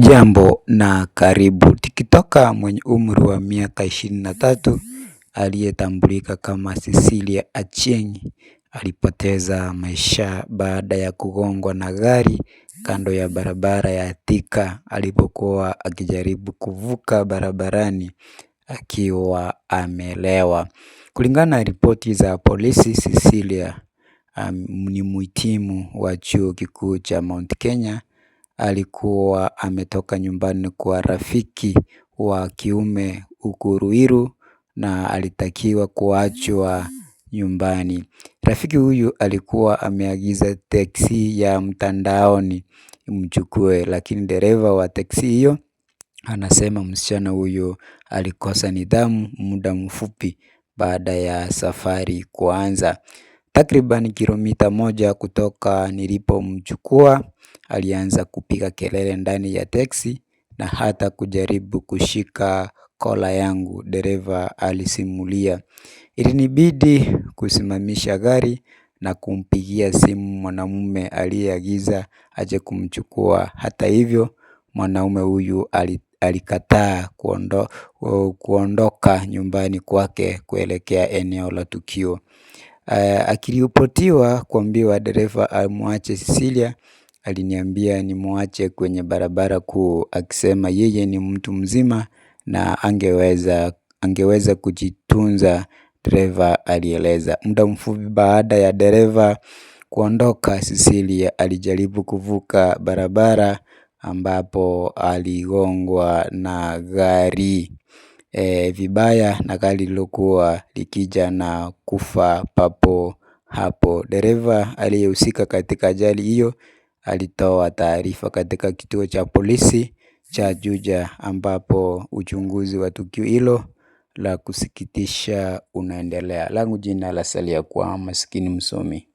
Hujambo na karibu tikitoka mwenye umri wa miaka ishirini na tatu aliyetambulika kama Cecilia Achieng alipoteza maisha baada ya kugongwa na gari kando ya barabara ya Thika alipokuwa akijaribu kuvuka barabarani akiwa amelewa. Kulingana na ripoti za polisi, Cecilia um, ni mhitimu wa chuo kikuu cha Mount Kenya alikuwa ametoka nyumbani kwa rafiki wa kiume huku Ruiru na alitakiwa kuachwa nyumbani. Rafiki huyu alikuwa ameagiza teksi ya mtandaoni imchukue lakini dereva wa teksi hiyo anasema msichana huyo alikosa nidhamu muda mfupi baada ya safari kuanza. Takriban kilomita moja kutoka nilipomchukua alianza kupiga kelele ndani ya teksi na hata kujaribu kushika kola yangu, dereva alisimulia. Ilinibidi kusimamisha gari na kumpigia simu mwanamume aliyeagiza aje kumchukua. Hata hivyo, mwanaume huyu alikataa kuondoka nyumbani kwake kuelekea eneo la tukio. Eh, akiripotiwa kuambiwa dereva amwache Cecilia aliniambia nimuache kwenye barabara kuu akisema yeye ni mtu mzima na angeweza angeweza kujitunza dereva alieleza. Muda mfupi baada ya dereva kuondoka Cecilia alijaribu kuvuka barabara ambapo aligongwa na gari e, vibaya na gari lilokuwa likija na kufa papo hapo. Dereva aliyehusika katika ajali hiyo alitoa taarifa katika kituo cha polisi cha Juja ambapo uchunguzi wa tukio hilo la kusikitisha unaendelea. Langu jina lasalia kuwa Maskini Msomi.